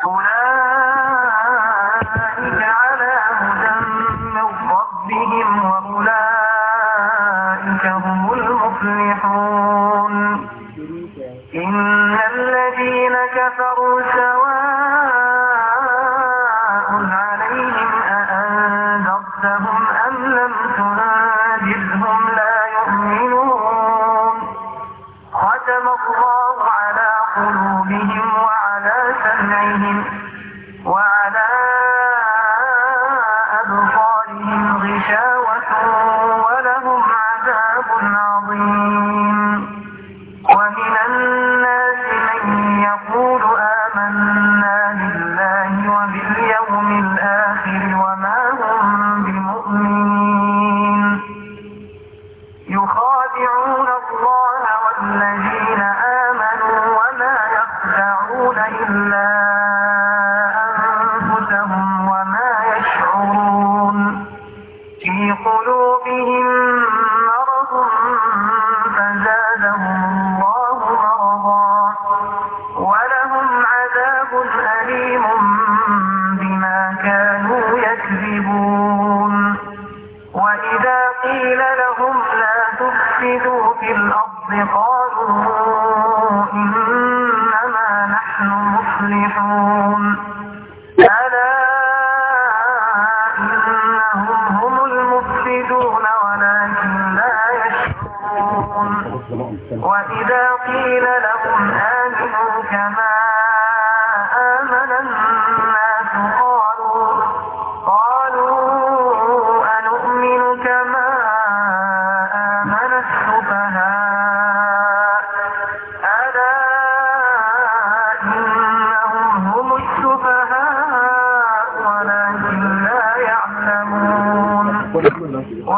Ah,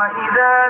وإذا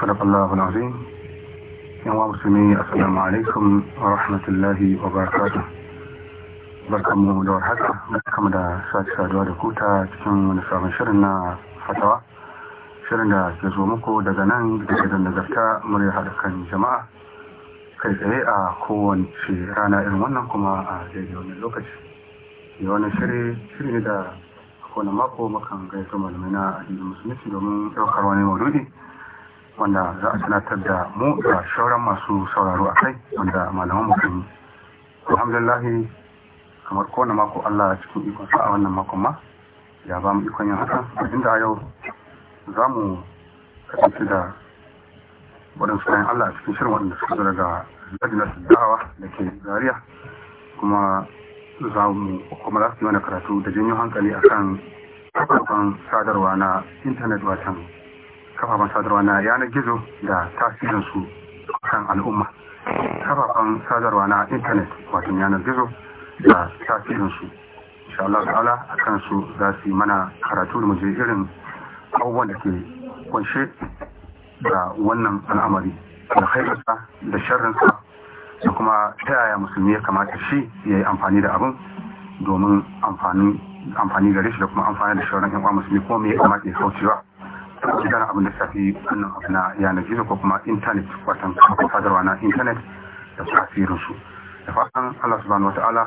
صدق الله العظيم يوم السلام عليكم alaikum الله rahmatullahi بركم دور barkamu da دا شاك da sake saduwa da kuta cikin wani shirin na fatawa shirin da ke daga nan da murya kan jama'a kai tsaye a kowace rana irin wannan kuma a daidai wani lokaci da wani shiri shiri ne da kowane mako makan gaisa malamai na addinin musulunci domin ɗaukar wani maududi wanda za a sanatar da mu da shauran masu sauraro a kai wanda malaman mu yi alhamdulillah kamar kowane mako Allah cikin ikon sa a wannan makon ma ya ba mu ikon yin haka inda yau za mu kasance da waɗansu kayan Allah a cikin shirin waɗanda suka zara daga lajinar dawa da ke zariya kuma za mu kuma za su yi wani karatu da janyo hankali akan kafafen sadarwa na intanet watan kafafen sadarwa na yanar gizo da tasirinsu kan al'umma kafafen sadarwa na intanet wato yanar gizo da tasirinsu insha Allah ta'ala a kansu za su yi mana karatu da muje irin abubuwan da ke kunshe da wannan al'amari da haifarsa da sharrinsa da kuma ta yaya musulmi ya kamata shi ya yi amfani da abin domin amfani gare shi da kuma amfani da shauran yan uwa musulmi ko me ya kamata ya kaucewa da abin da shafi wannan abu na yanar gizo ko kuma intanet watan sadarwa na intanet da su. da fatan allah subhanahu wa ta'ala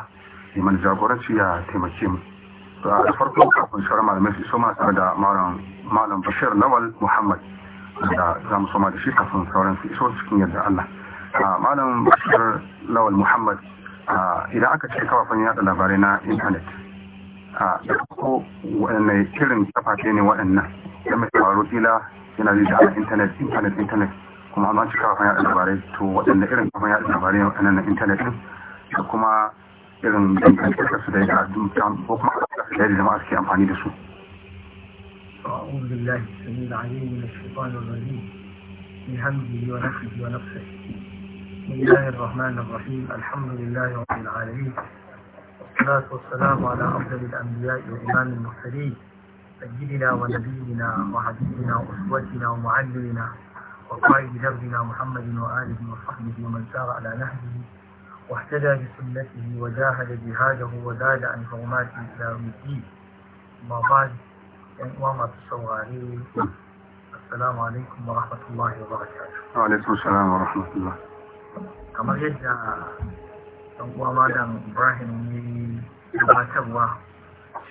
ya mana jagoranci ya taimake mu da farko kafin shawarar malamai su soma tare da malam bashir lawal muhammad da za mu soma da shi kafin sauran su iso cikin yadda allah malam bashir lawal muhammad idan aka ce kafafen yada labarai na intanet da ko wadannan irin kafafe ne waɗannan da mai sauraro kila yana zai da intanet intanet intanet kuma an ci kafin yaɗa labarai to waɗanda irin kafin yaɗa labarai waɗannan na intanet ɗin da kuma irin dangantakar su da ya ko kuma su da jama'a suke amfani da su. أعوذ بالله السميع العليم من الشيطان الرجيم من همزه ونفسه ونفسه بسم الله الرحمن الرحيم الحمد لله رب العالمين والصلاة والسلام على أفضل الأنبياء وإمام المرسلين سيدنا ونبينا وحبيبنا وأسوتنا ومعلمنا وقائد دربنا محمد وآله وصحبه ومن سار على نهجه واهتدى بسنته وجاهد جهاده وزاد عن حرماته إلى الدين ما بعد امام تسوى السلام عليكم ورحمة الله وبركاته وعليكم السلام ورحمة الله كما yadda امام ابراهيم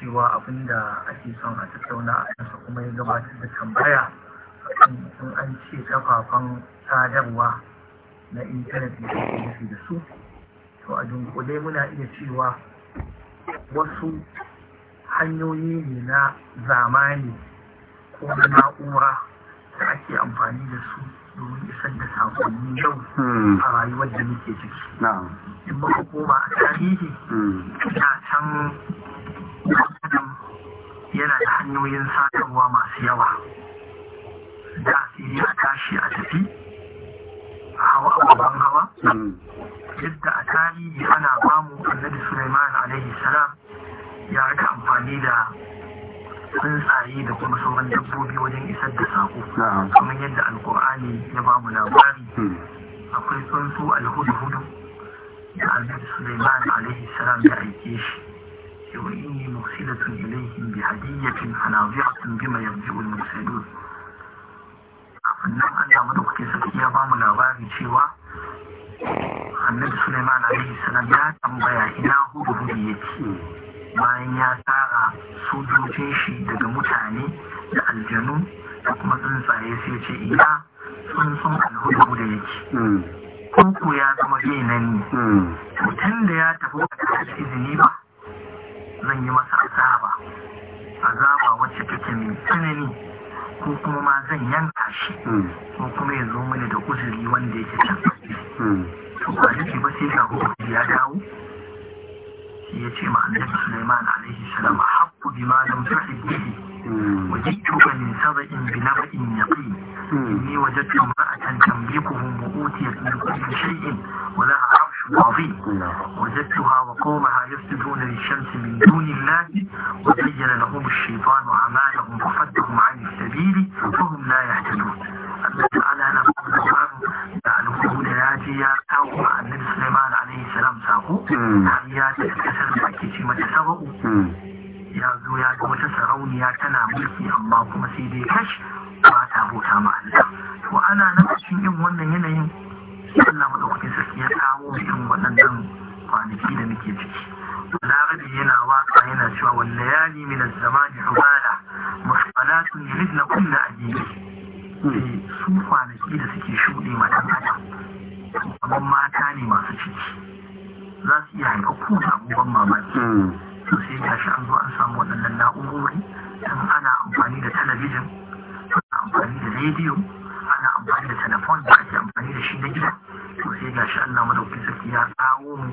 cewa abin da ake son a tattauna a kansa kuma ya gabatar da tambaya in an ce kafafen sadarwa na intanet da ake nufi da su to a dunkule muna iya cewa wasu hanyoyi ne na zamani ko na na'ura da ake amfani da su domin isar da sakonni yau hmm. a rayuwar da muke ciki in baka koma a tarihi hmm. na can yana da hanyoyin sadarwa masu yawa da a tashi a tafi hawa babban hawa hmm. yadda a tarihi ana bamu annabi suleiman alaihi salam ya rika amfani da tsuntsaye da kuma sauran dabbobi wajen isar da saƙo. kamar yadda alkur'ani ya bamu labari hmm. akwai tsuntsu alhudu-hudu da annabi suleiman alaihi salam ya aike shi وإني مرسلة إليهم بهدية فناظرة بما يرجع المرسلون annan Allah madaukake sarki ya bamu labarin cewa annabi Suleiman alaihi salam ya tambaya ina hudu hudu yake bayan ya tara sojojin shi daga mutane da aljanu da kuma tsuntsaye sai ce ina tsuntsun alhudu hudu yake kunku ya zama bai nan ne mutum da ya tafi da izini ba zan yi masa azaba azaba wacce take mai tsanani ko kuma ma zan yanka shi hmm. ko kuma ya zo mini da uzuri wanda yake can hmm. to ba ba sai ga hukunci ya dawo يتي معنى سليمان عليه السلام حق بما لم تحب به وجئتك من سبأ بنبأ يقين إني وجدت امرأة تملكهم وأوتيت من كل شيء ولها عرش عظيم وجدتها وقومها يسجدون للشمس من دون الله وزين لهم الشيطان أعمالهم فصدهم عن السبيل فهم لا يهتدون الله تعالى da alƙulu da ya ce ya kawo wa annabi Suleiman alaihi salam sako hmm. har ya ce kasar da ake ce mata saba'u hmm. ya zo ya ga wata sarauniya tana mulki amma kuma sai dai kash ba ta bauta ma Allah to ana nan cikin yin wannan yanayin Allah madaukakin sarki ya kawo irin waɗannan kwanaki da muke ciki larabi yana waka yana cewa wal layali min az-zamani hubala muhsalatun yuridna kullu ajibi su kwanaki da suke shuɗe matan adam kamar mata ne masu ciki za su iya haifar ko da abubuwan mamaki hmm. to sai gashi an zo an samu waɗannan na'urori don ana amfani da talabijin ana amfani da rediyo ana amfani da telefon da ake amfani da shi na gida to sai shi Allah madaukakin sarki ya kawo mu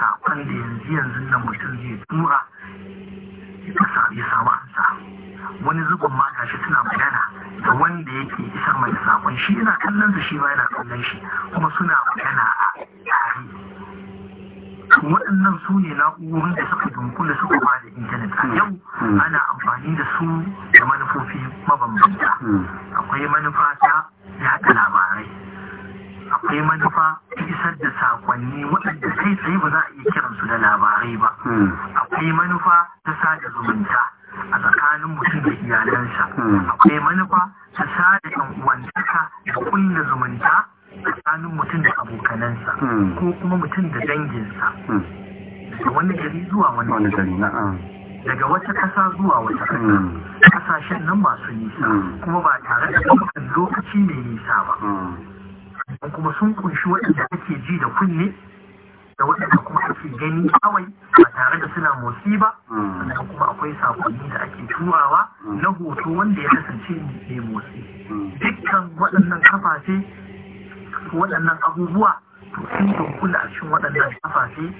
sakon da yanzu yanzu nan mutum zai tura ya samu ansa wani zubin ma shi suna magana da wanda yake isar mai sakon shi yana kallon su shi ba yana kallon shi kuma suna magana a tare waɗannan su ne na'urorin da suka dunkula suka ba da intanet a yau hmm. ana amfani da su da manufofi mabambanta hmm. akwai manufa ta yaɗa labarai akwai manufa isar da sakonni waɗanda kai tsaye ba za wani gari daga wata kasa zuwa wata kasa kasashen hmm. nan masu nisa hmm. kuma ba tare da ɗaukan lokaci mai nisa ba hmm. kuma sun kunshi waɗanda ake ji da kunne da waɗanda kuma ake gani kawai ba tare da suna motsi ba sannan kuma akwai sakonni da ake turawa na hoto wanda ya kasance mai motsi dukkan waɗannan kafafe waɗannan abubuwa to sun dunkula a cikin waɗannan kafafe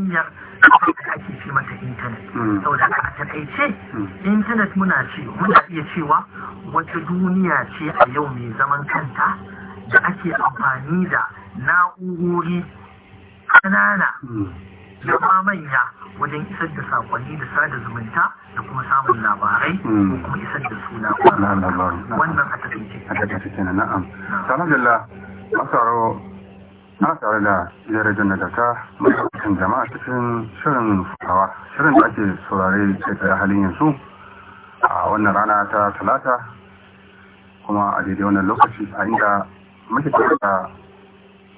hanyar da ake ce mata intanet hmm. saboda a takaice hmm. intanet muna ce muna iya cewa wata duniya ce a yau mai zaman kanta da ake amfani da na'urori ƙanana hmm. da manya wajen isar da sakonni da sada zumunta da kuma samun labarai ko kuma isar da su labarai wannan a takaice a takaice na'am na tare da darajar na daga matakan jama'a cikin shirin hawa shirin da ake saurare kai tsaye halin yanzu a wannan rana ta talata kuma a daidai wannan lokaci a inda muke tare da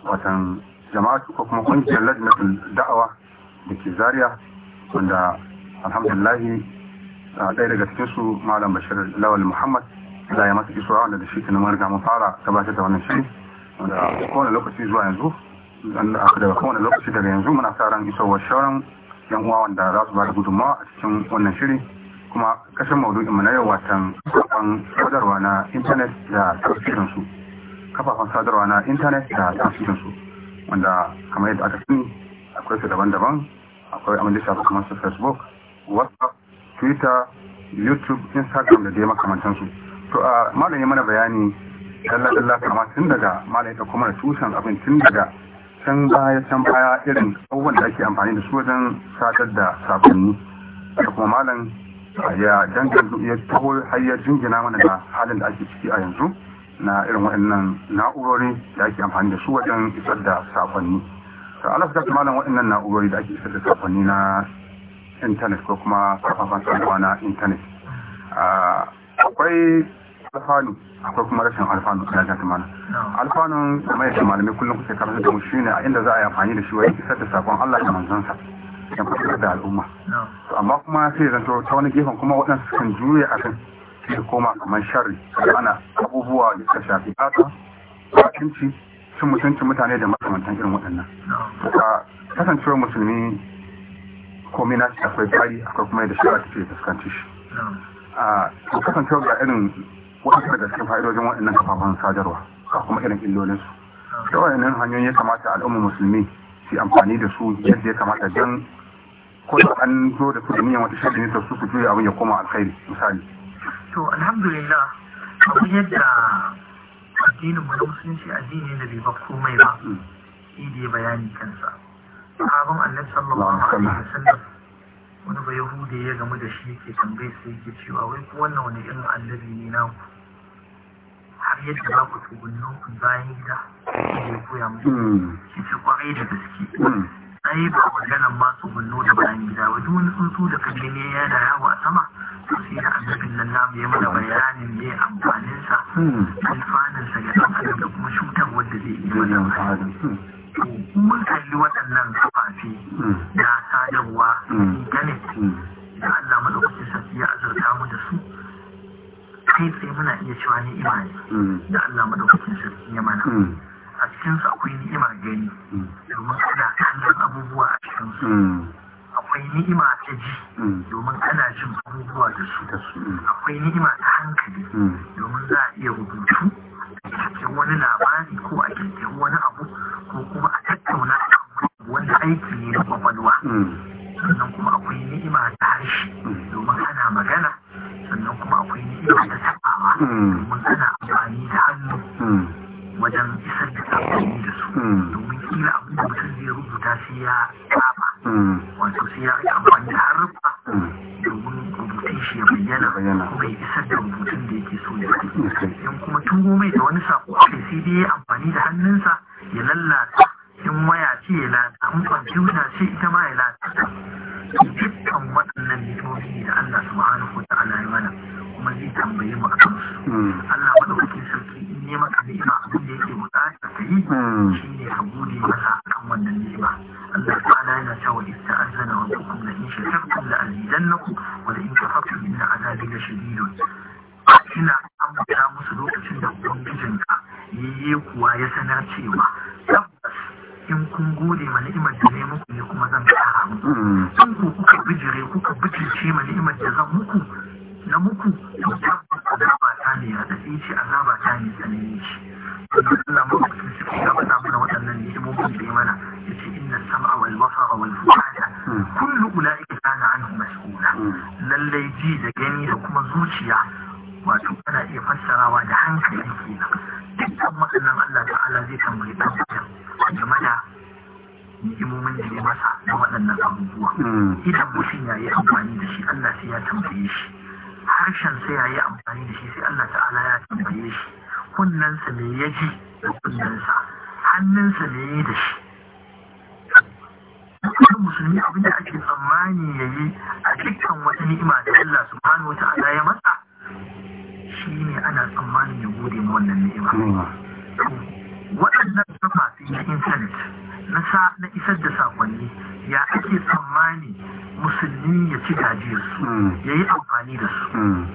watan jama'a ko kuma kungiyar lajinatul da'awa da ke zaria wanda alhamdulillahi ɗaya daga cikin su malam bashir lawal muhammad da ya masa isuwa wanda da shi ke nan mu fara gabatar da wannan shirin da kowane lokaci zuwa yanzu daga kowane lokaci daga yanzu muna sa ran isowar shauran, yan uwa wanda za su ba da gudunmawa a cikin wannan shiri kuma kashin maudu'in na yau watan kafafen sadarwa na intanet da su, kafafen sadarwa na intanet da su. wanda kamar yadda aka sani akwai su daban-daban akwai abin da shafi kamar su facebook whatsapp twitter youtube instagram da dai makamantansu to a malamin mana bayani dalla dalla kama tun daga ta kuma da tushen abin tun daga can baya can baya irin abubuwan da ake amfani da su wajen sadar da sakonni da kuma malam ya danganta ya taho har ya jingina mana da halin da ake ciki a yanzu na irin waɗannan na'urori da ake amfani da su wajen isar da sakonni to Allah ta malam waɗannan na'urori da ake isar da sakonni na intanet ko kuma kafafan sadarwa na intanet ah, akwai alfanu akwai kuma rashin alfanu suna ta mana alfanun mai yake malamai kullum kuke karanta da mu shine a inda za a yi amfani da shi wajen isar da sakon Allah da manzansa da fitar da al'umma amma kuma sai zanto ta wani gefen kuma waɗansu sukan juye a kan sai koma kamar sharri ana abubuwa da suka shafi haka mutunci sun mutunci mutane da makamantan irin waɗannan a kasancewar musulmi komai na akwai tsari akwai kuma yadda shara take fuskanci shi a kasancewar ga irin wasu daga cikin fa'idojin waɗannan kafafen sadarwa ga kuma irin illolinsu da waɗannan hanyoyi ya kamata al'ummar musulmi su amfani da su yadda ya kamata don ko da an zo da su da niyan wata shaɗi ne su su juya abin ya koma alkhairi misali. to alhamdulillah abu yadda addinin mu da musulunci addini da bai ba komai ba mm. idi bayani kansa sahabin annabi sallallahu alaihi wasallam wani ba yahudi ya gamu da shi yake tambaye sai yake cewa wai ko wannan wani irin annabi ne naku har yadda za ku tsugunno ku bayan gida shi koya musu hmm. shi ce kwarai da gaske hmm. ai ba maganan ma tsugunno da bayan gida ba wani tsuntsu da kaje ne ya da yawo a sama to sai da annabin nan namu ya mana bayanin ne amfaninsa hmm. alfanansa ga ɗan adam da kuma cutar wanda zai iya mana mun kalli waɗannan kafafi na sadarwa ganin da Allah madaukakin sarki ya azurta mu da su kai sai muna iya cewa ni'ima ne mm. da Allah madaukakin sarki ya mana mm. a cikin su akwai ni'ima gani mm. domin ana kallon abubuwa a cikin su akwai ni'ima ta ji domin ana jin abubuwa da su akwai ni'ima ta hankali domin za a iya rubutu a wani labari ko a kirkiri wani abu ko kuma a tattauna wanda aiki ne na kwakwalwa sannan kuma akwai ni'ima ta harshe domin ana magana sannan kuma akwai ni'ima ta magana waɗannan kafafi na intanet na isar da sakonni ya ake tsammani musulmi ya ci gajiyarsu hmm. ya yi amfani da su hmm.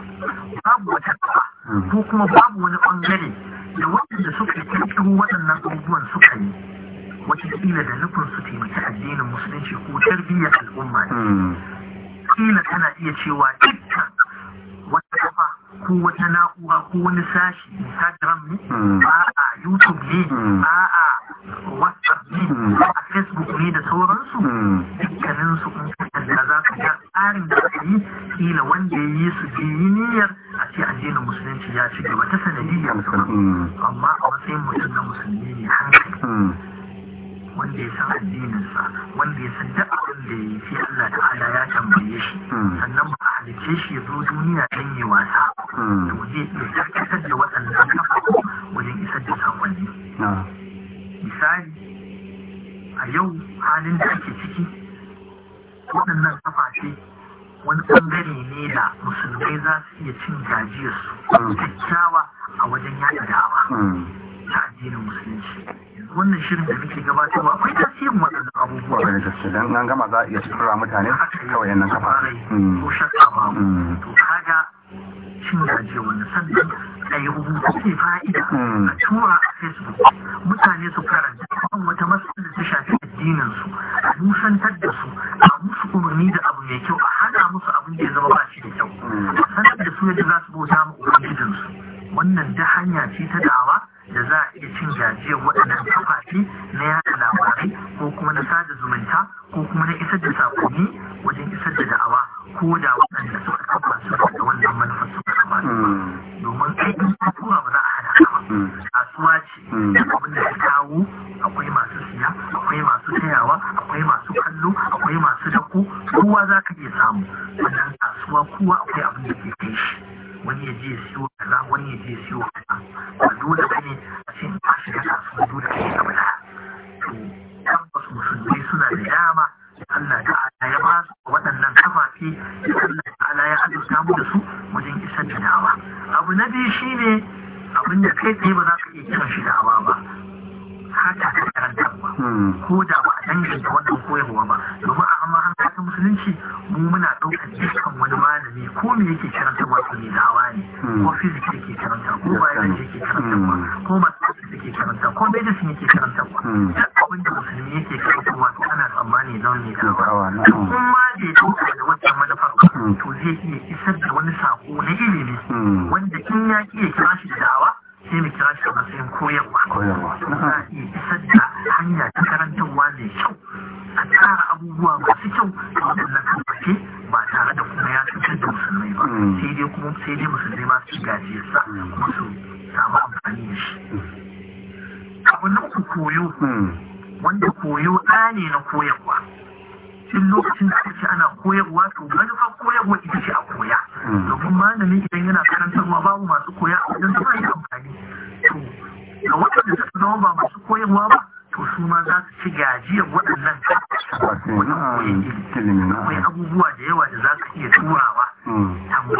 babu wata kafa hmm. ko kuma babu wani ɓangare da waɗanda suka kirkiro waɗannan abubuwan suka yi watakila da nufin su taimaki addinin musulunci ko tarbiyyar al'umma ne kila tana iya cewa dukkan wata kafa ko wata na'ura ko wani sashi instagram ne ba YouTube liegen. Mhm. Ah, ko kuma na isar da sakonni wajen isar da da'awa ko da waɗanda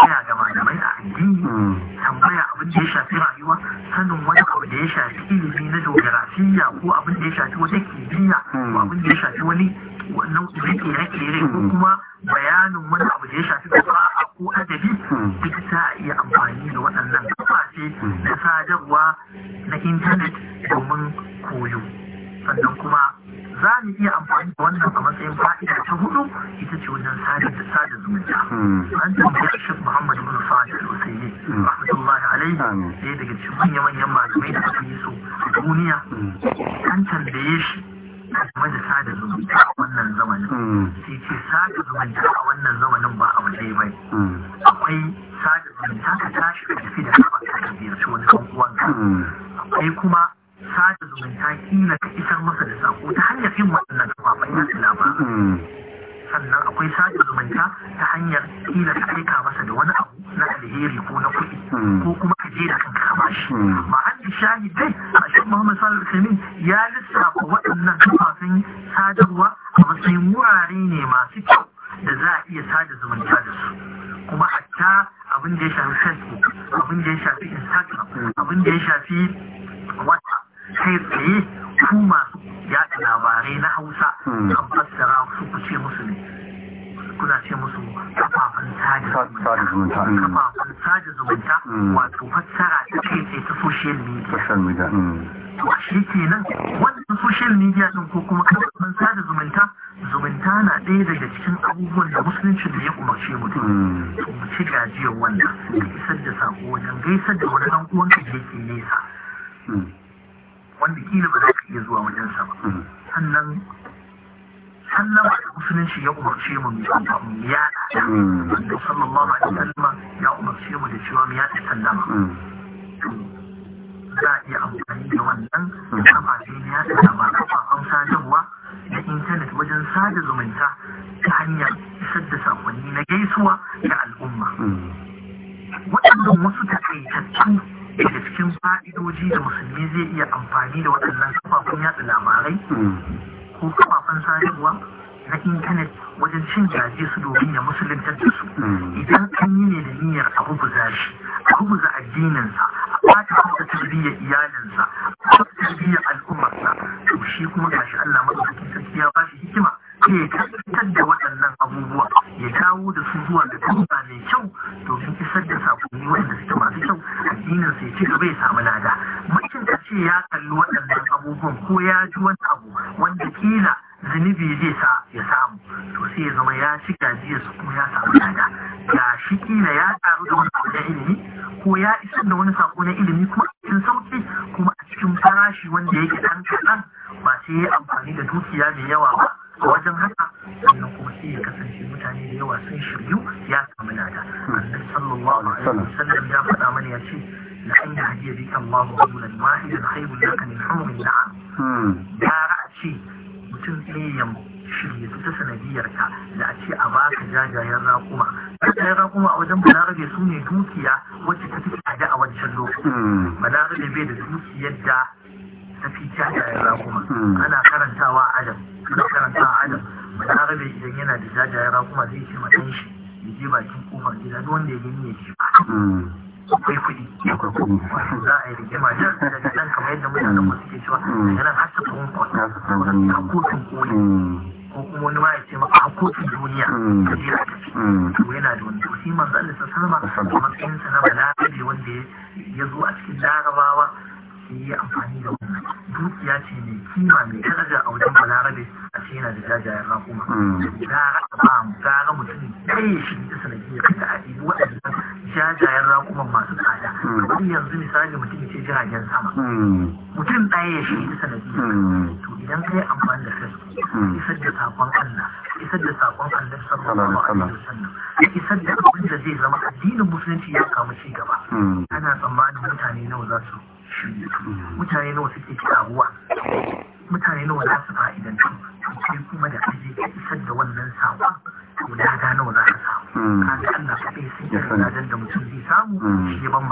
tambaya ga malamai a addini hmm. tambaya abin da ya shafi rayuwa sanin wani abu da ya shafi ilimi na geografiya ko abin da ya shafi wata kimiyya ko hmm. abin da ya shafi wani wanda kila ba za ka iya zuwa wajensa ba mm. sannan ba da musulunci ya umarce mu mu mu ya wanda mm. sallallahu alaihi wasallam ya umarce mu da cewa mu ya sallama mm. za a iya amfani da wannan da kafafen ya sallama kafa amsa na intanet wajen sada zumunta ne zai iya amfani da waɗannan kafafen yatsa labarai hmm. ko kafafen sadarwa na intanet misali idan yana da jajayen kuma zai ce ma ɗan shi ya je bakin kofar gida duk wanda ya gani ya ce ah, mm. akwai kuɗi akwai kuɗi wasu za a yi rigima nan daga nan kamar yadda mutanen mm. mu suke cewa mm. daga nan har ta tsohon kwata hakokin koyi ko kuma wani ma ya ce maka hakokin duniya ta jira ta ce to yana da wani tosi zan Allah sallama a matsayinsa na balarabe wanda ya zo a cikin larabawa sai yi amfani da wannan dukiya ce mai kima mai daraja a wajen balarabe shi yana da jajayen raƙuma gara hmm. ba gara mutum ɗaya shi da sanadiyar da a ɗibi waɗannan jajayen raƙuma. masu tsada hmm. kamar yanzu misali mutum ce jiragen sama hmm. mutum ɗaya ya shi da sanadiyar to idan ka yi amfani da facebook isar da saƙon allah isar da saƙon allah sallallahu alaihi wasallam isar da abin da zai zama addinin musulunci ya kamu ci gaba ana tsammanin mutane nawa za su mutane nawa suke You're give them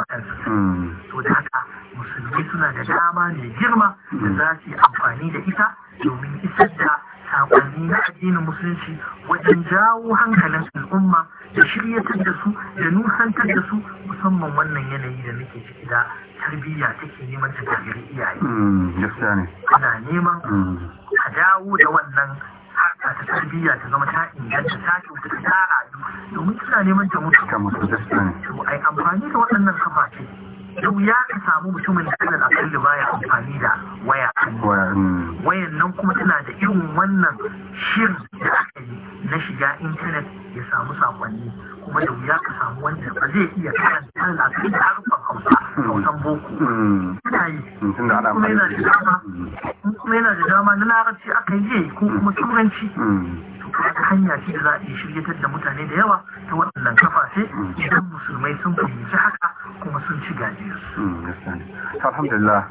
za ka samu wanda ba zai iya karanta lafiya da harkar hausa hausan boko hmm. ina yi hmm, kuma yana da dama hmm. kuma yana da dama na larabci aka yi ko kuma turanci wata hanya shi da za a iya shiryatar da mutane da yawa ta waɗannan kafafe idan musulmai sun fahimci haka kuma sun ci gajiyar su. alhamdulillah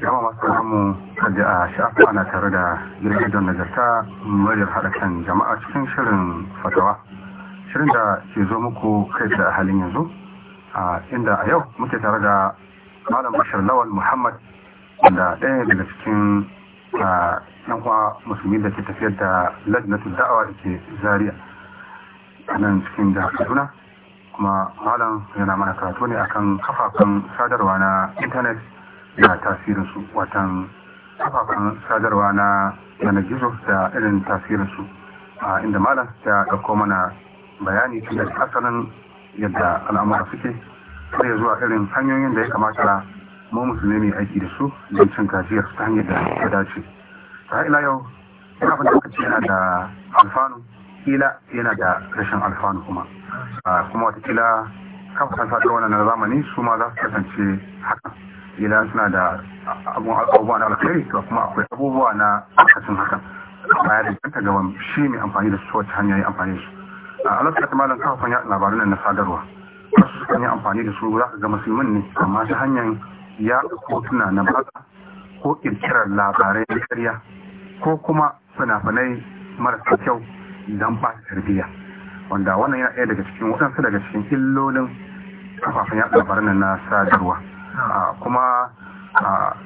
jama'a masu samu a sha'afa ana tare da girgidon nagarta muryar haɗa kan jama'a cikin shirin fatawa. ashirin da ke zo muku kai da halin yanzu inda a yau muke tare da malam bashir lawal muhammad da ɗaya daga cikin yan uwa musulmi da ke tafiyar da na da'awa da ke Zariya. nan cikin da kaduna kuma malam yana mana karatu ne akan kafafen sadarwa na intanet da tasirinsu watan kafafen sadarwa na yanar gizo da irin tasirinsu inda malam ta ɗauko mana bayani shi da asalin yadda al'amura suke sai ya zuwa irin hanyoyin da ya kamata mu musulmi mai aiki da su don cin gajiyar ta hanyar da ta dace ta ila yau yana abin da yana da alfanu kila yana da rashin alfanu kuma kuma watakila kafafen sadarwa na zamani su ma za su kasance haka ila suna da abubuwa na alkhairi to kuma akwai abubuwa na lokacin haka baya da ga shi mai amfani da su wacce hanyar amfani su a alaska ta malam kafafan yaɗa labaran na sadarwa wasu sukan yi amfani da su za ka ga musulmin ne amma ta hanyar yaɗa hotuna na batsa ko kirkirar labarai na karya ko kuma fina-finai marasa kyau don ba tarbiyya wanda wannan yana ɗaya daga cikin waɗansu daga cikin illolin kafafen yaɗa labaran na sadarwa kuma a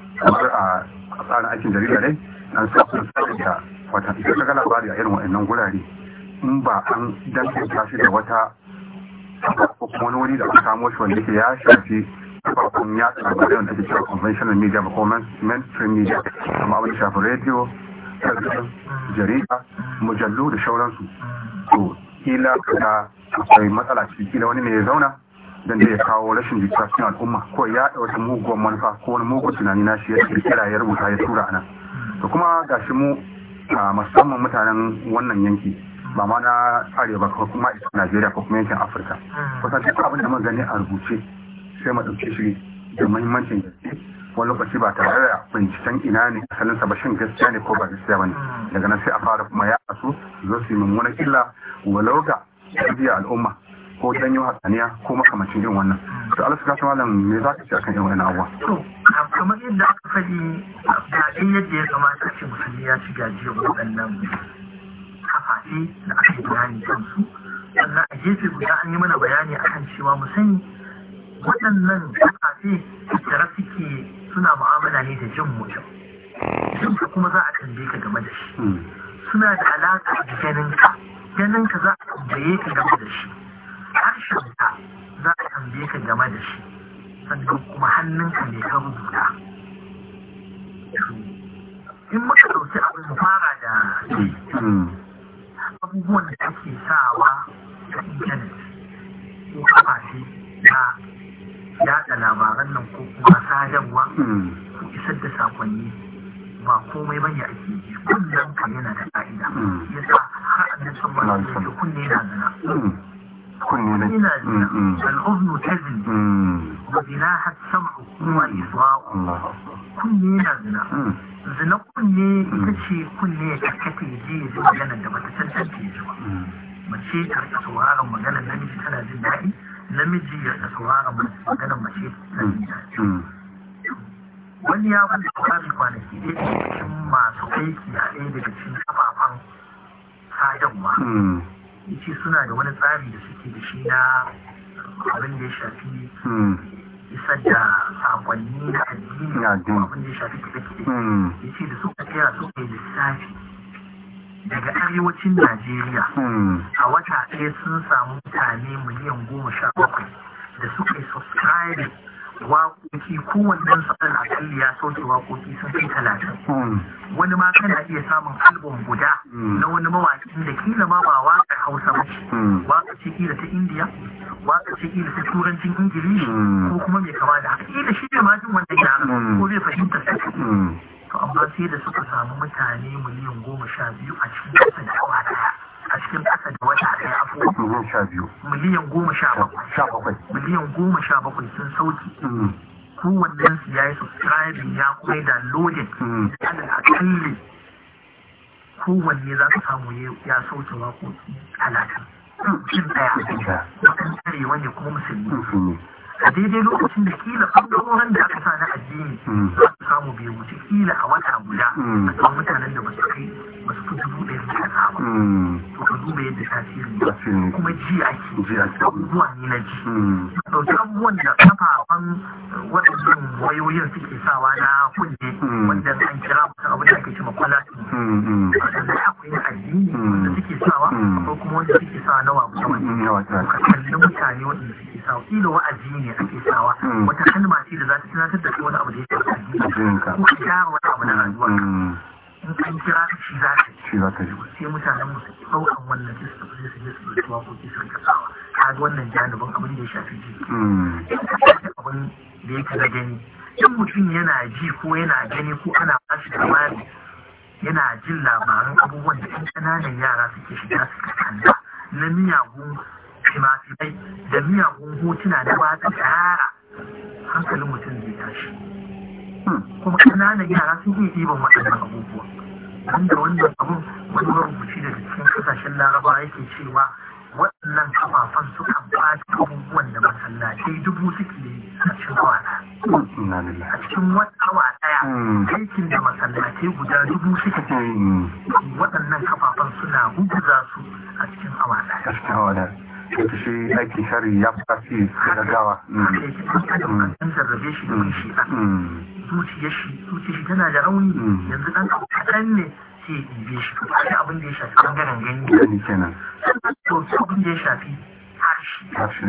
tsarin aikin jarida dai an sa da wata ita ga labari a irin waɗannan gurare in ba an danganta shi da wata kuma wani da aka samu shi wanda ke ya shafi farkon ya tsara da yawan ake cewa conventional media ba kuma mainstream media amma abin da shafi radio jarida mujallu da shauransu to kila kada akwai matsala ciki kila wani ne ya zauna don da ya kawo rashin jikin cikin al'umma ko ya da wata muguwar manufa ko wani mugun tunani na shi ya kira ya rubuta ya tura a nan to kuma gashi mu a musamman mutanen wannan yanki ba ma na ba ko kuma isa najeriya ko kuma yankin afirka hmm. kusan duk abin da gani a rubuce sai mu ɗauke shi da muhimmancin gaske wani lokaci ba tare da binciken ina ne asalinsa ba shin gaskiya ne ko ba gaskiya ba ne hmm. daga nan sai a fara kuma ya su zo su yi mummunan illa walau ga tarbiyyar al'umma ko janyo hatsaniya ko makamacin yin wannan hmm. to Allah suka malam me za ka ce akan irin wannan abuwa to kamar yadda aka faɗi da yadda ya kamata ce musulmi ya ci gajiyar waɗannan kafashe da aka yi bayani kansu sannan a gefe guda an yi mana bayani akan cewa mu sani waɗannan kafafe da suke suna mu'amala ne da jin mutum jin ka kuma za a tambaye ka game da shi hmm. suna da alaƙa da ganin ka ganin ka za a tambaye ka game da shi harshen ka za a tambaye ka game da shi sannan kuma hannun ka ne ka rubuta in muka ɗauki abin fara da hmm. Hmm. abubuwan da take sawa ta intanet ko kafafe na yada labaran nan ko kuma sadarwa hmm. ko isar da sakonni ba komai bane ake yi kullum kan yana da ka'ida hmm. yasa har annabi sallallahu alaihi wasallam kunne yana zina hmm. kunne na zina al-udhnu zina. wa zinaha as-sam'u wa isra'u kunne arewacin Najeriya hmm. a wata ɗaya sun samu mutane miliyan goma sha bakwai da suka yi subscribe waƙoƙi kowannen sanar akalli ya sauke waƙoƙi sun fi talatin hmm. wani ma kana iya samun album guda hmm. na wani mawaƙin da kila ma ba waƙa hausa ba waƙa ce kila ta indiya waƙa ce kila ta turancin ingilishi ko kuma mai kama da haka kila shi ne ma jin wannan ko zai fahimta sai to amma sai da suka samu mutane miliyan goma sha biyu a cikin ƙasa da kuma daya a cikin ƙasa da wata daya a fuka miliyan sha biyu miliyan goma sha bakwai miliyan goma sha bakwai sun sauki mm. kowannen su ya yi subscribing ya kuma yi downloading mm. alal akalli kowanne za su samu ya sauke waƙoƙi talatin cin mm. ɗaya a cikin kuma kuma musulmi a daidai lokacin da kila ɓangarorin da aka sa na addini mm. za su samu bai wuce kila a wata guda mm. a samu mutanen da ba su kai ba su fi dubu ɗaya da kaza ba mm. to ka duba yadda tasiri ba kuma ji ake abubuwa ne na ji ɗauki abubuwan da kafafen waɗannan wayoyin suke sawa na kunne wanda an kira musu abu da ake cewa kwalatin wanda akwai na addini wanda suke sawa ko kuma wanda suke sawa na wabu ka kalli mutane wanda suke sawa kila wa'azi ne ake sawa hmm. wata kalma ce da za ta tunatar da kai wani abu da ya shafi addinin ka ko ka gyara wani abu na rayuwar hmm. in an kira ka shi za ka shi za ta ji sai mutanen mu su ɗaukan wannan sai su tafi su je su ɗauki waƙoƙi su rika sawa ka ga wannan janibin abin da ya shafi ji hmm. in ka shafi abin da yake na gani in mutum yana ji ko yana gani ko ana bashi labari yana jin labarin abubuwan da 'yan ƙananan yara suke shiga suka kalla na miyagun fina-finai da miyagun hotuna da ba ta tsara hankalin mutum zai tashi hmm. kuma ƙananan yara sun iya ɗiban waɗannan abubuwa wanda wanda abun wani marubuci daga cikin ƙasashen laraba yake cewa waɗannan kafafan kan ba abubuwan da masallatai dubu suke yi a cikin kwana a cikin wata ɗaya hmm. aikin da masallatai guda dubu suke yi hmm. waɗannan kafafan suna guguza su a cikin awa ɗaya shi aiki shari ya fi da mm. shi da mm. shi tana da rauni mm. yanzu kaɗan ne ke biye shi abin da ya shafi ɓangaren gani gani kenan to abin da ya shafi harshe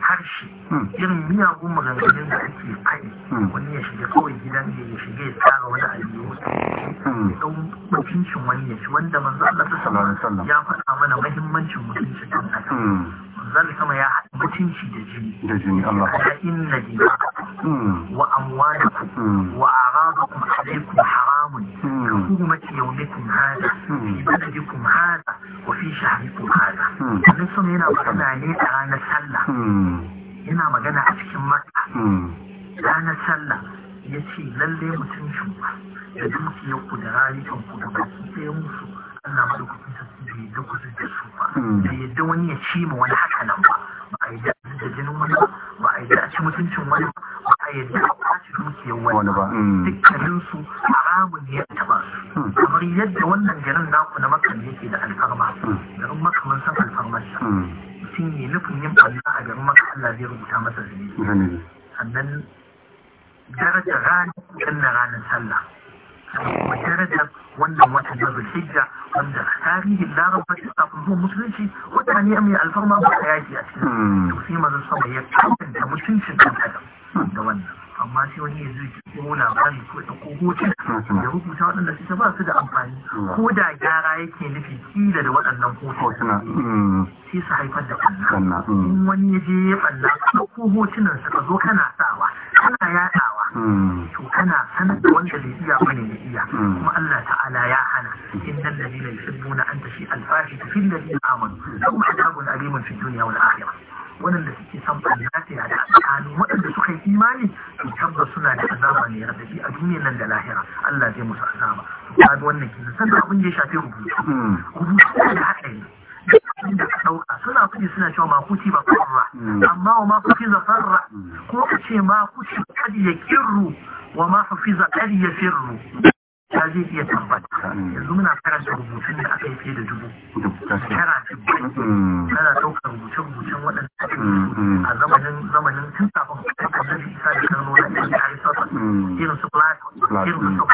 harshe hmm. irin miyagun maganganun da ake faɗi, hmm. wani ya shiga kawai gidan ne ya shiga ya tsara wani aliyu ya hmm. mutuncin wani ya ci wanda manzo Allah ta sallallahu ya faɗa mana mahimmancin mutuncin dan adam zan sama ya haɗa mutunci da jini da jini Allah ya inna dinakum wa amwalakum wa a'radakum alaykum haramun ka kuma yawmikum hada fi baladikum hada shahitu hada hmm. abin sun yana magana ne a ranar sallah hmm. yana magana a cikin mata hmm. ranar sallah ya ce lalle mutum shi da duk ya kudura yakin yanzu muna karanta rubutun da aka yi fiye da dubu shekara cikin mm. tana ɗaukar rubuce-rubucen waɗanda mm, mm. a zamanin zamanin tun kafin annabi isa da karno na ɗan harisa irin su plato irin su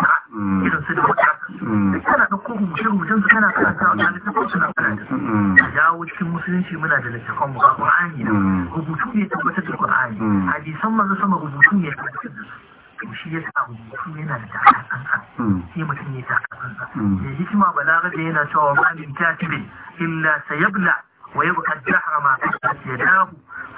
يبلع ويبقى الدهر ما قدمت يداه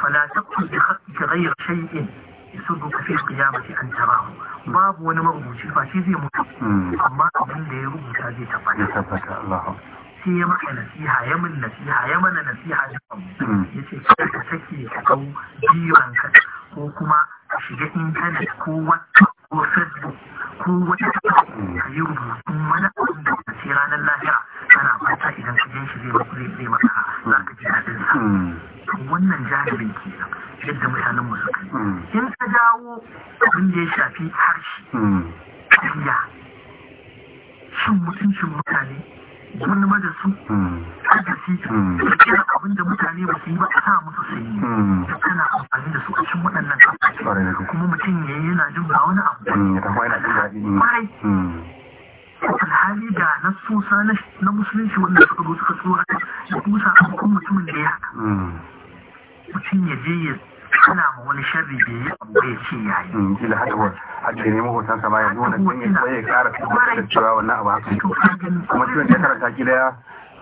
فلا تقتل بخطك غير شيء يسرك في القيامة أن تراه باب ونمرجي فاشي زي مكتب أما أبن لي ربك زي تبقى سي يمحى نسيها يمن نسيها يمن نسيها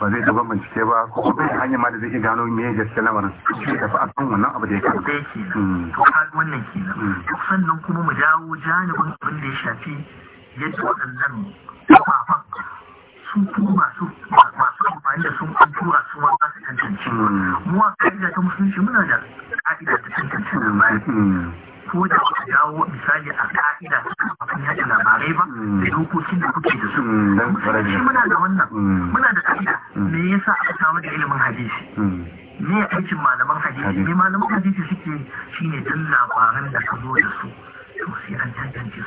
ba zai duba bincike ba ko bai da hanyar ma da zai iya gano me ya gaske lamarin shi tafi a kan wannan abu da ya kama. Da yake hmm. ka wannan duk hmm. sannan kuma mu dawo janibin abin da ya shafi yadda waɗannan kafafan sun kuma masu masu amfani da sun an tura su ma za su tantance. Hmm. Mu a ka'ida ta musulunci muna da ka'ida ta tantance da bayan. ko da ku dawo misali a ka'ida kafin yaɗa labarai ba da mm. dokokin da kuke da su mm, shi muna da wannan mm. muna da ka'ida me yasa aka samu da ilimin hadisi ne aikin malaman hadisi ne malaman hadisi suke shine duk labaran da ka zo da su su sai tantance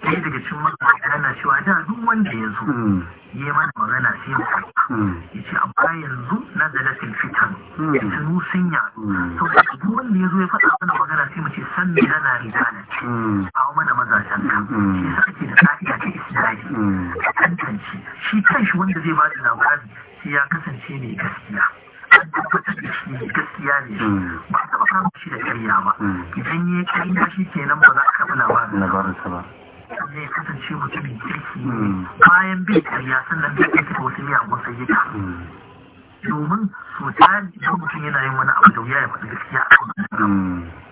daga cikin magana yana cewa da duk wanda ya zo hmm. ya mana magana sai mu hmm. ya ce amma yanzu na zalatin fitan fitanu sun yaɗu to duk wanda ya zo ya faɗa mana magana sai mu ce san me lana ridana hmm. kawo mana mazajen ka shi sa ake da ƙa'ida ta isra'i tantance shi kanshi wanda zai ba da labari sai ya kasance mai gaskiya gaskiya ne hmm. ba ta kama shi da karya ba hmm. idan ya ƙarya shi kenan ba za a kafa kaɓi labarinsa ba zai kasance mutumin kirki hmm. bayan bai karya sannan bai ƙarfi wasu miyagun sayyuka domin so ta mutum yana yin wani abu da wuya ya faɗi gaskiya a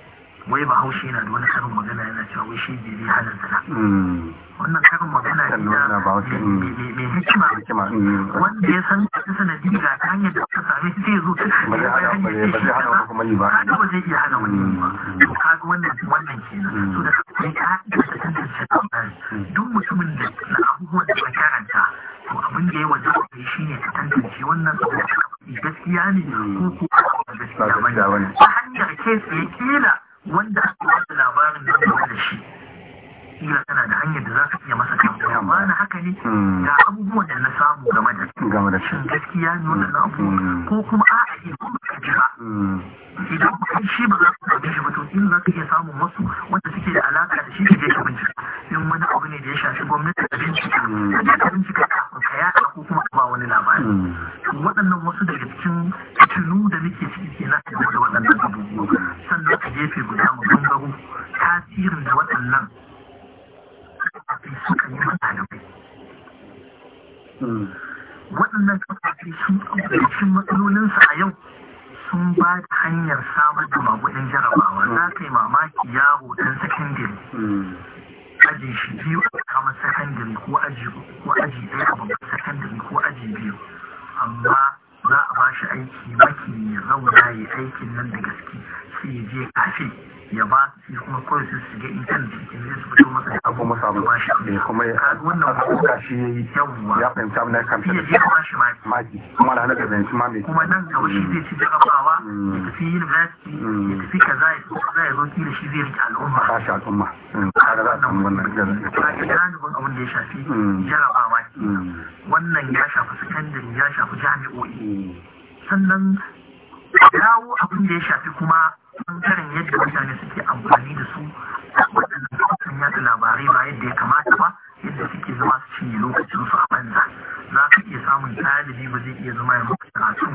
wai bahaushe yana da wani karin magana yana cewa wai shi bai hana hmm. wannan karin magana ne hmm. mai hikima hmm. wanda ya san ta sana ga ta hanyar da same shi zo ta ba zai hana wani kuma iya hana wani ba kenan so da kai ka ta duk mutumin da na abubuwan da ka karanta to abin da ya shine ka wannan gaskiya ne ko hanyar kila wanda aka bada labarin da game da shi kila tana da hanyar da za ka iya masa tambaya ba na haka ne hmm. ga abubuwan da na samu game da shi game da shi gaskiya ne wannan hmm. Hmm. ko kuma a'a idan ba ka ji ba idan ba shi ba za ka same shi ba to za ka iya samun wasu wanda suke da alaka da shi ka je ka bincika in wani abu ne da ya shafi gwamnati da bincika ka je ka bincika kafin ka yaɗa ko kuma ka ba wani labari waɗannan wasu daga cikin tunu da nake ciki ne za ka da waɗannan abubuwa sannan a gefe guda mu gangaro tasirin da waɗannan suka yi wa ɗalibai hmm. waɗannan kafafi sun ɗaukacin matsalolinsu a yau sun ba da hanyar samar da magudin jarabawa za ka yi mamaki yaro ɗan sakandare hmm. aji shi biyu a kama sakandare ko aji ɗaya a babban sakandare ko aji biyu amma za a ba shi aiki maki ya zauna ya aikin nan da gaske sai ya je kafin. ya ba shi kuma kawai su shiga ikan da cikin zai su fito masa da abu masa abu ne kuma ya wannan kuka shi ya yi ya fahimta na kamshi da ya ba shi maki kuma da hannun da zanci ma mai kuma nan gaba shi zai ci jarabawa ya mm. tafi university ya mm. tafi kaza ya tafi kaza ya zo kila shi zai rike al'umma ba shi al'umma mm. kada za su wannan gaskiya ta ga dalibin abin da ya shafi jarabawa wannan ya shafi sakandare ya shafi jami'o'i sannan yawo abin da ya shafi kuma ɓangaren yadda mutane suke amfani da su waɗannan sun yada labarai ba yadda ya kamata ba yadda suke zama su cinye lokacinsu a banza za ka iya samun ɗalibi ba zai iya zama ya maka karatu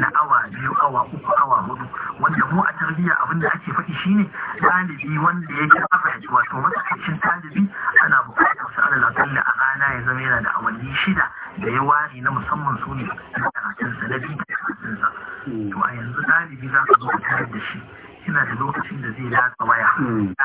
na awa biyu awa uku awa hudu wanda mu a tarbiyya abin da ake faɗi shine ɗalibi wanda yake average wato matsakaicin ɗalibi ana buƙatar su alal a rana ya zama yana da awanni shida da ya ware na musamman su ne na karatunsa na biyu da karatunsa to a yanzu ɗalibi za ka zo ka tarar da shi Mm.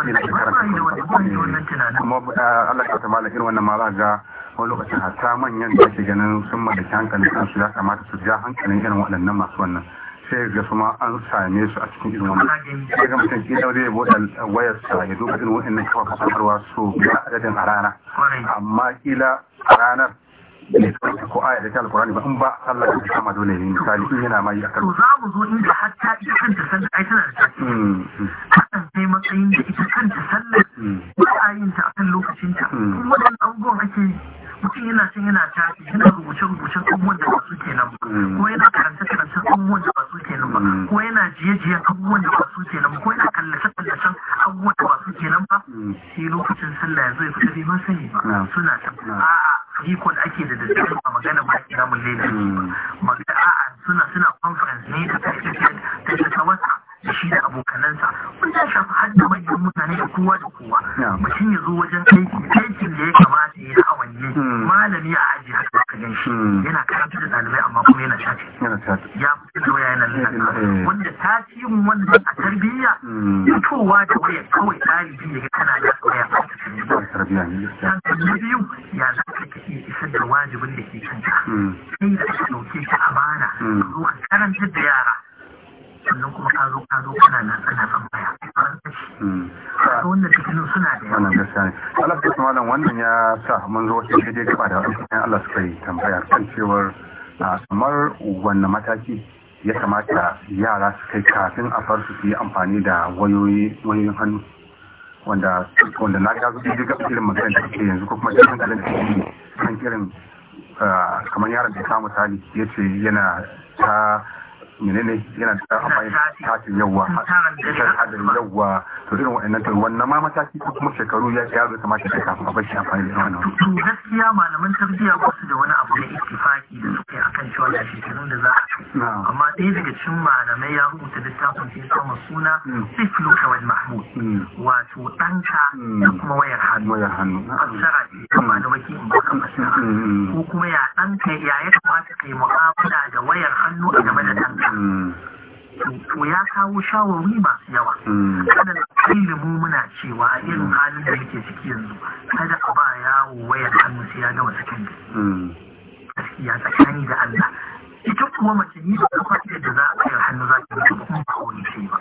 wani tunanin kuma Allah ya tabbata irin wannan ma za ga wani lokacin hatta manyan da ke ganin sun mallaki hankalin kansu ya kamata su ja hankalin irin waɗannan masu wannan sai ga su ma an same su a cikin irin wannan sai ga mutum kila zai buɗe wayar sa ya duba irin waɗannan kafafen sadarwa su ga adadin a rana amma kila a ranar ko aya da ta alkurani ba in ba Allah ya kama dole ne misali in yana mai akan to za mu zo inda hatta ita kanta san ai tana da hakan sai matsayin da ita kanta sallar ba a yin ta akan lokacin ta kuma wannan abubuwan ake mutum yana can yana tashi yana rubuce-rubucen abubuwan da ba su kenan ba mm. ko yana karance-karancen abubuwan da ba su kenan ba mm. ko yana jiye jiye abubuwan da ba su kenan ba ko yana kallace-kallacen abubuwan da ba su kenan ba mm. sai lokacin sallah ya zo ya fita bai ma sani ba suna ta a'a ikon ake da daddare ba magana ba ina mun laifin ba magana a'a suna suna conference ne ta ta ta ta ta ta da shi da abokanansa kun ya shafi har da manyan mutane da kowa da kowa mutum ya zo wajen aiki aikin da ya kamata ya awanni hmm. malami a aji haka ka gan shi hmm. yana karanta da ɗalibai amma kuma yana shafi ya fi da waya yana lalata hmm. wanda tasirin wannan a tarbiyya fitowa da waya kawai ɗalibi ya ga kana da waya a cikin tarbiyya na biyu ya za ka iya isar da wajibin da ke kanka sai da aka ɗauke ka amana zo karantar da yara sannan kuma ka zo ka zo kana nan kana baya a wannan fitinin suna da yawa wannan gaskiya ne alaƙa su malam wannan ya sa mun zo shi daidai gaba da wani Allah suka yi tambaya kan cewar kamar wanne mataki ya kamata yara su kai kafin a far su yi amfani da wayoyin hannu wanda wanda na ga zuwa daga irin magana da ke yanzu ko kuma jirgin da ke yi kan irin kamar yaron da ta samu misali ya ce yana ta menene yana da amfani da katin yawa katin hadari yawa to irin waɗannan to wannan ma mataki ko kuma shekaru ya ya zo kamata ta kafin a bashi amfani da wannan gaskiya malaman tarbiyya ba su da wani abu da ittifaki da suke akan cewa da shekarun da za a amma ɗaya daga cikin malamai ya rubuta littafin sai sama suna hmm. siflu kawal mahmud hmm. wato ɗanka hmm. da kuma wayar hannu wayar hannu fassara ce kama da baki in baka fassara ko kuma ya ɗanka ya ya kamata kai mu'amala da wayar hannu a game da ɗanka Mm. to ya kawo shawarwi masu yawa mm. kada ilimu muna cewa a irin halin da yake ciki yanzu kada a ba yawo wayar hannu sai ya gama sakandi mm. gaskiya tsakani da Allah ita kuma mace ni da kafa da za a kai hannu za ta mutu kuma ba aure ce ba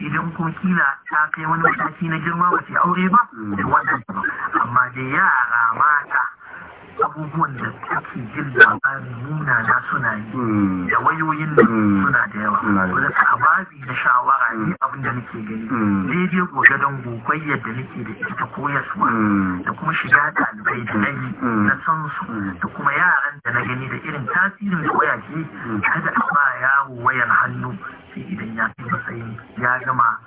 idan kuma kila ta kai wani mataki na girma ba aure ba da wannan amma dai yara mata abubuwan da ake jin labarin nuna na suna yi hmm. da wayoyin da hmm. suna da yawa wanda a babi na shawara ne hmm. abin da nake gani daidai gobe don gokwai yadda nake da ita koyarwa da kuma shiga ɗalibai da nayi na san su da kuma yaran da na gani da irin tasirin da waya ke kada a ba yawo wayar hannu sai idan ya fi matsayin ya gama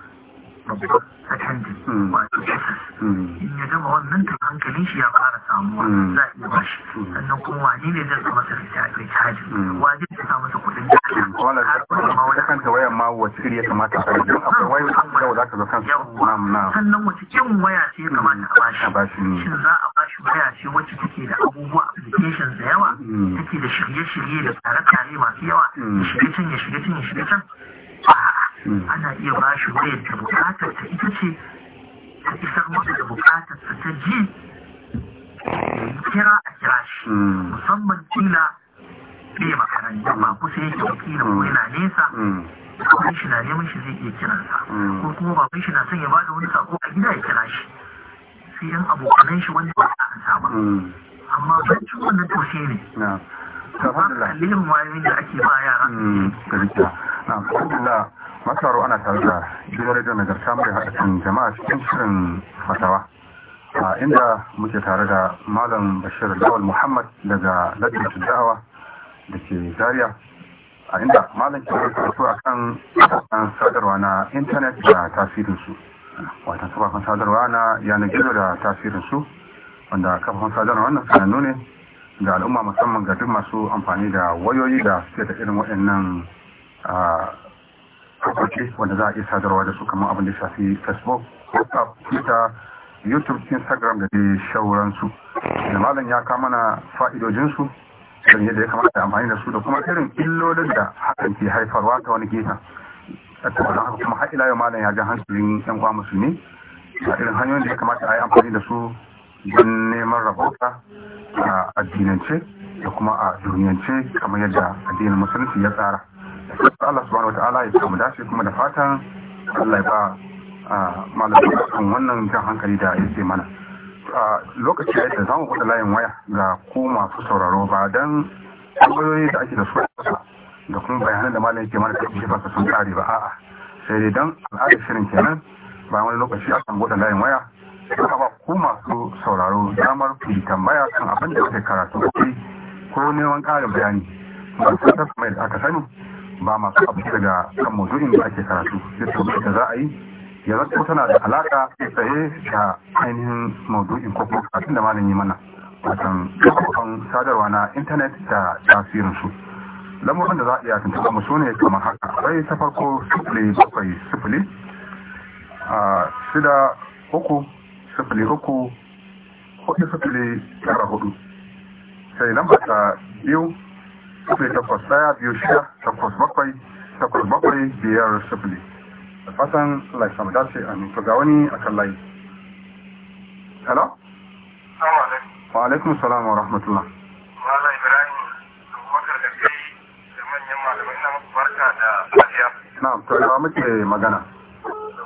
babba a can hmm. hmm. in ya gama wannan ta hankalin shi ya fara samuwa hmm. za a iya bashi sannan kuma wani ne zai kama ta ritaji wani zai samu ta kudin da ta kanta wayan ma wace iri ya kamata a rage akwai wayo yau za ka zo kansu sannan wace kin waya ce ya kamata a bashi shin za a bashi waya ce wacce take da abubuwa applications da yawa take da shirye-shirye da tsare-tsare masu yawa ya shiga can ya shiga can ya shiga can Hmm. ana iya ba shi wayar da bukatar ta ita ce ta isar masa da bukatar ta ta ji kira a kira shi hmm. musamman kila bai makaranta ba kusa yake wakilin ko yana nesa hmm. baban shi na neman shi zai iya kiransa ko kuma baban shi na son ya bada wani sako a gida ya kira shi sai yan abokanan shi wanda ba a ba. amma bancin wannan tausayi ne dalilin wayoyin da ake masu ana tare da gidan rediyon nagarta mai haɗa kan jama'a cikin shirin fatawa a inda muke tare da malam bashir lawal muhammad daga lardin dawa da ke zaria a inda malam ke karatu a kan sadarwa na intanet da tasirinsu wata kafafen sadarwa na yanar gizo da tasirinsu wanda kafafen sadarwa wannan sanannu ne ga al'umma musamman ga duk masu amfani da wayoyi da suke da irin waɗannan harkoki wanda za a iya sadarwa da su kamar abin da shafi facebook whatsapp twitter youtube instagram da dai shauransu da malam ya kama na fa'idojinsu da yadda ya kamata amfani da su da kuma irin illolin da hakan ke haifarwa ta wani gefen tattalin kuma har yau malam ya ga hankalin yan uwa musulmi a irin hanyoyin da ya kamata a yi amfani da su don neman rabota. a addinance da kuma a duniyance kamar yadda addinin musulunci ya tsara Allah subhanahu wataala ya samu dace kuma da fatan Allah ya ba malamin kan wannan jan hankali da ya mana a lokaci ya da za layin waya ga ko masu sauraro ba don tambayoyi da ake da su da kuma bayanan da malamin ke mana tafi ba sun kare ba a'a sai dai don al'adar shirin kenan bayan wani lokaci a akan buɗe layin waya suka ku masu sauraro damar ku tambaya kan abin da kuke karatu ko neman ƙarin bayani ba su ta kamar da aka sani ba masu abu daga kan maudu'in da ake karatu da da za a yi ya zato tana da alaƙa tsaye da ainihin maudu'in ko kuma da malam yi mana watan kafofin sadarwa na intanet da tasirinsu lamurin da za a iya tuntuɓa mu su ne kamar haka akwai ta farko sifili bakwai sifili a shida uku sifili uku hudu sifili tara hudu sai lamba ta biyu sifili takwas daya biyu shida takwas bakwai takwas bakwai biyar sifili da fatan Allah ya samu dace a to ga wani a kan layi hello wa alaikum salam wa rahmatullah wala ibrahim abubakar da kai da manyan malamai na barka da safiya na to ya muke magana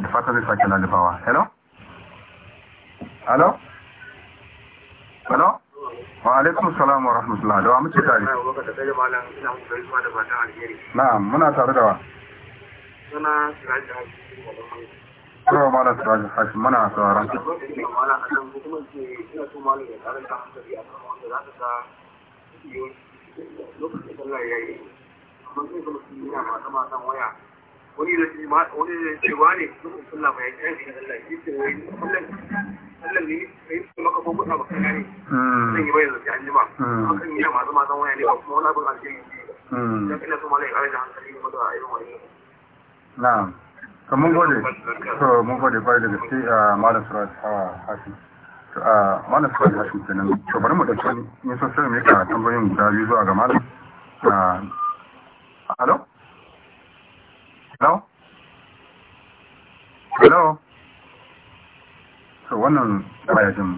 da fata zai sake lalifawa hello hello hello Wa'alaikun salamu wa rahmatullah da wa muke tare na'am muna tare da wa suna hashim muna sauran lokacin waya wani da shi wani da shi wani sun sunna mai yanki Allah shi ce wai kullum kullum ne kai su maka ko kuɗa baka ne. Hmm. zan yi bayan zaki an jima hakan hmm. yana masu mazan waya ne ba kuma wani abin alheri ne hmm. dan ina so malai ƙara da hankali ne, kuma da irin wani na'am to mun gode to mun gode bai da gaske a ah, malam surat ah, hashim to a ah, malam surat hashim kenan to bari mu dauki ni so sai mu ka tambayoyin guda biyu zuwa ga malam a alo hello hello to wannan baya jin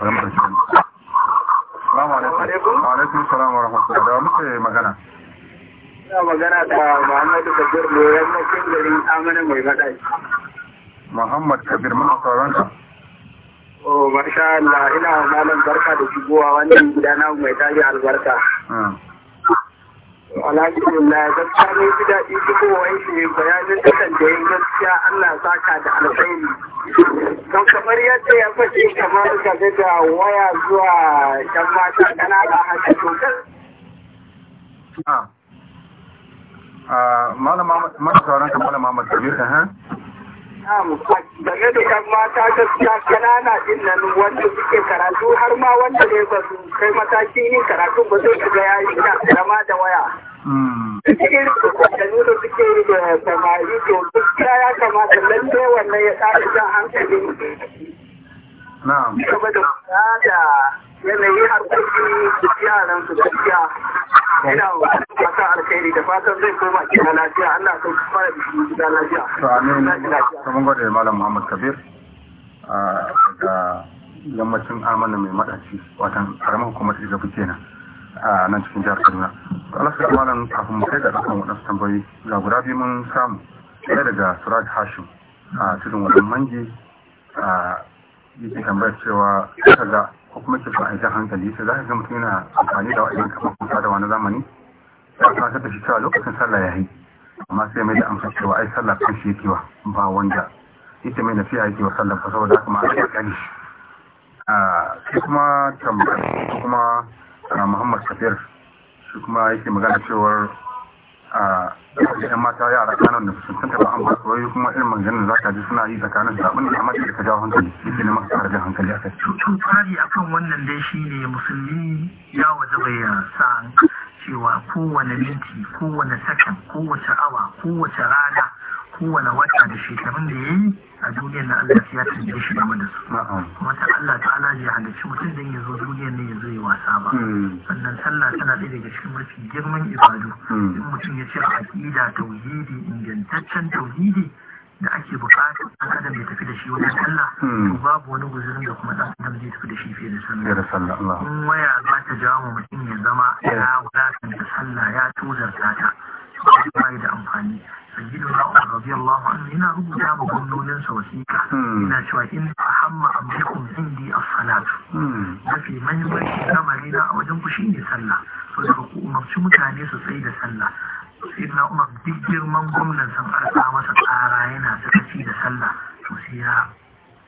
bari mu salamu alaikum wa alaikum salamu wa rahmatullahi da muke magana ina magana da Muhammadu Kabir ne yammacin garin Amana mai faɗa Muhammad Kabir muna sauran ka Oh, masha Allah, ina malam barka da shigowa wani gudanar mai tashi albarka. Hmm. alhamdulillah ta ne fi daɗi fitowar shi bayanin dukan da ya gaskiya Allah saka da alkhairi kan kamar yadda ya fashe kamar game da waya zuwa yan mata ƙanana haka to malama sauran kamar malama ha game da kan mata gaskiya kanana din nan wanda suke karatu har ma wanda ne ba su kai matakin yin karatu ba zai shiga yi na rama da waya hmm. cikin kwatanni da suke yi da samari to gaskiya ya kamata lalle wannan ya ƙara jan hankali na'am kuma da yanayi harkokin su yaran su tafiya, ina fata alkhairi da fatan zai koma gida lafiya Allah ya sauki fara biki gida lafiya to amin kaman gode malam Muhammad Kabir ah, daga yammacin amana mai madaci watan karamar hukumar Igabi kenan a nan cikin jihar Kaduna to Allah ya malam kafin mu kai ga ɗaukan waɗansu tambayoyi ga guda biyu mun samu ɗaya daga Suraj Hashim a cikin wannan mangi, a yake tambayar cewa kaga ko kuma ce an jan hankali sai za ka ga mutum amfani da wa'ayin kamar kusa da wani zamani sai ka ga da shi cewa lokacin sallah ya yi amma sai mai da amsa cewa ai sallah kan shi yake wa ba wanda ita mai nasiha yake wa sallah ba saboda kuma a ya kani sai kuma tambayar kuma Muhammad Kafir shi kuma yake magana cewar a yan mata yara kanan da fuskanta ba an ba su wai kuma irin maganin za ka ji suna yi tsakanin zaɓen da amma da ka jawo hankali yake ne maka tsara da hankali a kai. tutun fari akan wannan dai shi ne musulmi ya waje ya sa cewa kowane minti kowane sakan kowace awa kowace rana kowane wata da shekarun da ya yi a duniyar na Allah ya tambaye shi game da su kuma ta Allah ta ala ya halarci mutum da ya zo duniyar ne ya zo ya wasa ba hmm. sannan sallah tana ɗaya daga cikin mafi girman ibadu hmm. in mutum ya ce ƙida tauhidi ingantaccen tauhidi da ake bukatar ɗan adam ya tafi da shi wajen sallah hmm. to babu wani guzurin da kuma ɗan adam zai tafi da shi fiye da sallah in waya za ta jawo mutum ya zama ya wadatar da sallah ya tozarta ta shi da amfani sayyidu na umar radiyallahu anhu yana rubuta ma gwamnonin sa wasiƙa hmm. yana cewa in ahamma amrikum indi as-salatu hmm. mafi mahimmanci lamari na a wajen ku shine sallah so daga ku umarci mutane su tsaye da sallah sayyidina umar duk girman gwamnan san arsa masa tsara yana sakaci da sallah to sai ya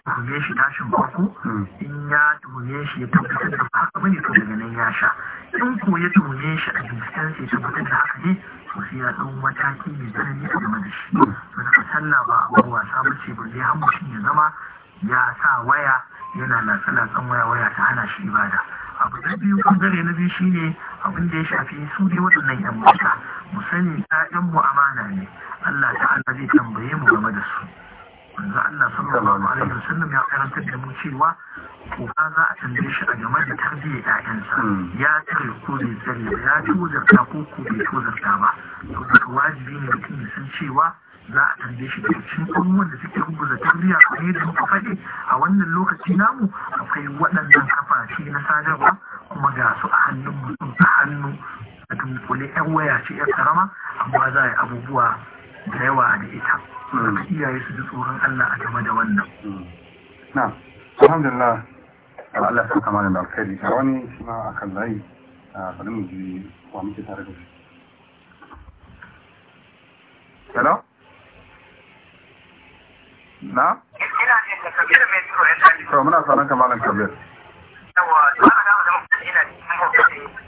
tuhume shi tashin farko hmm. in ya tuhume shi ya tabbatar da haka bane to daga nan ya sha in ko ya tuhume shi a jikin sai tabbatar da haka ne to sai ya mataki mai tsanani a game da shi to daga sallah ba abin wasa ba ce balle har mutum ya zama ya sa waya yana latsa-latsan waya waya ta hana shi ibada abu da biyu bangare na biyu shine abin da ya shafi su ne waɗannan yan mata mu sani ƴaƴan mu amana ne Allah ta'ala zai tambaye mu game da su manzo Allah sallallahu alaihi wasallam ya karantar da mu cewa uba za a tambaye shi a game da tarbiyyar ƴaƴansa hmm. ya tare ko bai tsare ba ya tozarta ko ko bai tozarta ba to wajibi ne mutum ya san cewa za a tambaye shi daga cikin abubuwan da suke rubuta tarbiyya a yadda muka faɗi a wannan lokaci namu akwai waɗannan kafafi na sadarwa kuma ga su a hannun mutum a hannu a dunkule 'yan waya ce 'yan karama amma za a yi abubuwa da yawa da ita ka iyaye su ji tsoron Allah a game da wannan na alhamdulillah Allah ta saka da alkhairi a wani shi ma kan layi a bari mu ji wa muke tare da shi hello na ina ne da kabir mai tsoron ina to muna sanan kamalan kabir yawa ina da mutum ina ne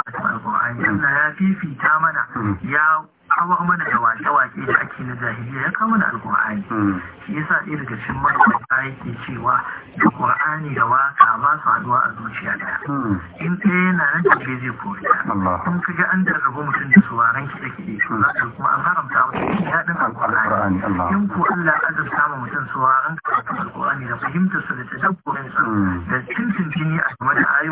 shi yasa ɗaya daga cikin marubuta yake cewa da ƙur'ani da waka ba su haɗuwa a zuciya ɗaya hmm. in ɗaya yana nan tafiye zai koya in ka ga an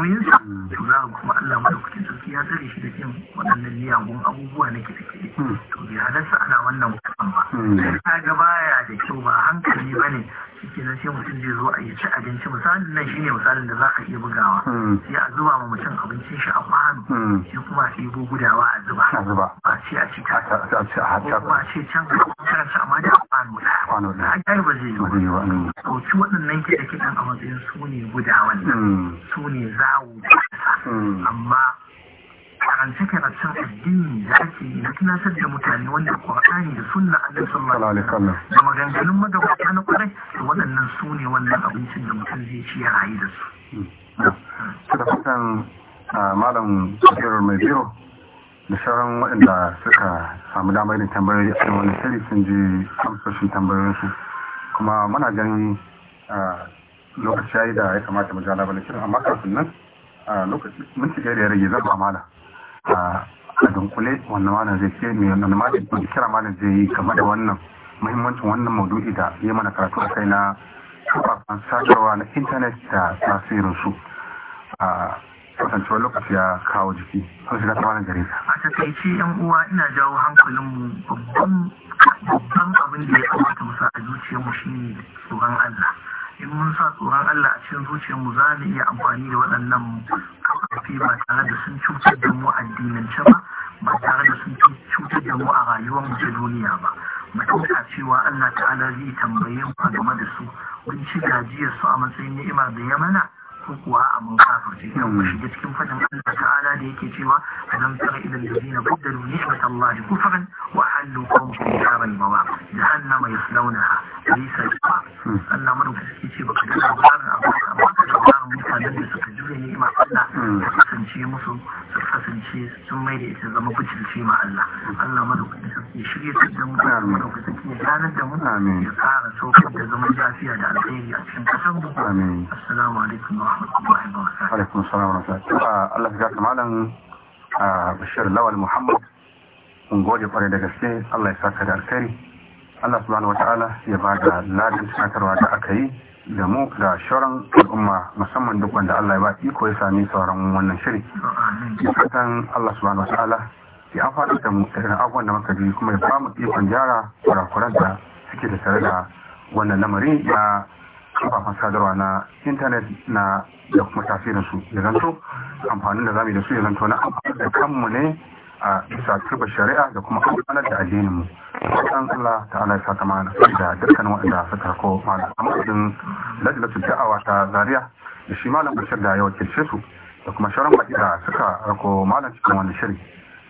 hanyoyinsa to za kuma Allah madaukakin sarki ya tsare shi da cin waɗannan miyagun abubuwa na kiɗe-kiɗe hmm. to bai ana wannan wasan ba sai hmm. gaba ya da kyau ba hankali ba ne shi kenan sai mutum zai zo a yi ci abinci misalin nan shine misalin da za ka iya bugawa hmm. sai a zuba ma mutum abincin shi a kwano hmm. shi kuma sai bo gudawa a zuba a zuba a ce a ci ta kuma a ce can karan sa amma da kwano da kwano da an ba zai yi ba hmm. to ci waɗannan kiɗa kiɗan a matsayin su ne gudawan su ne zawo amma karance karatun addini da ake yi na tunatar da mutane wanda qur'ani da sunna annabi sallallahu alaihi wasallam da maganganun magabata na kwarai to waɗannan su ne wannan abincin da mutum zai ci ya rayu da su da fatan malam kafirar mai biro da sauran waɗanda suka samu damar yin tambayoyi a wani shiri sun ji amsoshin tambayoyinsu kuma muna ganin lokaci ya yi da ya kamata mu ja labarin amma kafin nan lokaci minti ɗaya da ya rage zama ba mala a dunkule wannan malam zai ce mai wannan malam kira malam zai yi game da wannan muhimmancin wannan maudu'i da ya mana karatu a kai na kafafen sadarwa na intanet da tasirin su a kasancewar lokaci ya kawo jiki sun shiga tsamanin gare a takaici yan uwa ina jawo hankalinmu babban abin da ya kamata mu sa a zuciyarmu shine tsoron Allah in mun sa tsoron Allah a cikin zuciyarmu za mu iya amfani da waɗannan kafafi ba tare da sun cutar da mu addinance ba ba tare da sun cutar da mu a rayuwar mu ta duniya ba mu ɗauka cewa Allah ta'ala zai tambaye mu a game da su mun ci gajiyar su a matsayin ni'ima da ya mana ko kuwa a mun kafirce yau mu shiga cikin fadin Allah ta'ala da yake cewa alam tara ila da baddalu ni'mat Allah kufran wa halu qawm fi jahannama yaslawnaha laysa hmm. Allah kasance musu su kasance sun mai da ita zama kucilci ma Allah Allah madaukakin sarki shirye su da mutane madaukakin ya ganar da mutane ya kara saukar da zaman lafiya da alheri a cikin kasar mu assalamu alaikum wa rahmatullahi wa alaikum assalam wa ah, Allah ya ga malam ah, Bashir Lawal Muhammad mun gode kwarai da gaske Allah ya saka da alkhairi Allah subhanahu wa ta'ala ya ba da ladin sakarwa da aka yi da mu da shauran al'umma musamman duk wanda Allah ya ba iko ya sami sauran wannan shiri ya fatan Allah subhanahu wataala ya amfana da mu da abubuwan da muka ji kuma ya ba mu ikon gyara kurakuran da suke da tare da wannan lamari na kafafen sadarwa na intanet na da kuma tasirin su ya zanto amfanin da zamu yi da su ya zanto na amfani da kanmu ne a bisa kirba shari'a da kuma amfanar da addinin mu wajen Allah ta'ala ya saka mana da dukkan waɗanda suka ko mana amma idan lajlatul da'awa ta Zaria da shi malam Bashir da ya wakilce su da kuma sharan baki da suka rako malam cikin wani shiri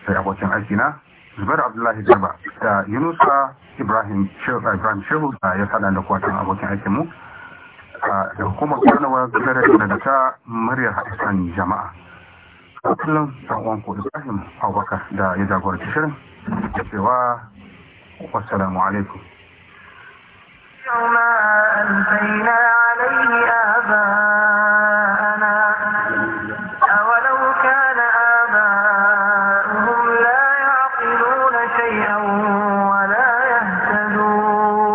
sai abokin aiki na Zubair Abdullahi Garba da Yunusa Ibrahim Shehu Ibrahim Shehu da ya sada da kwatan abokin aikin mu da hukumar kwarnawar gudanar da ta muryar haɗin jama'a kullum sakon kudu ibrahim abubakar da ya jagoranci shirin da cewa wassalamu alaikum يوما أنزينا عليه آباءنا أو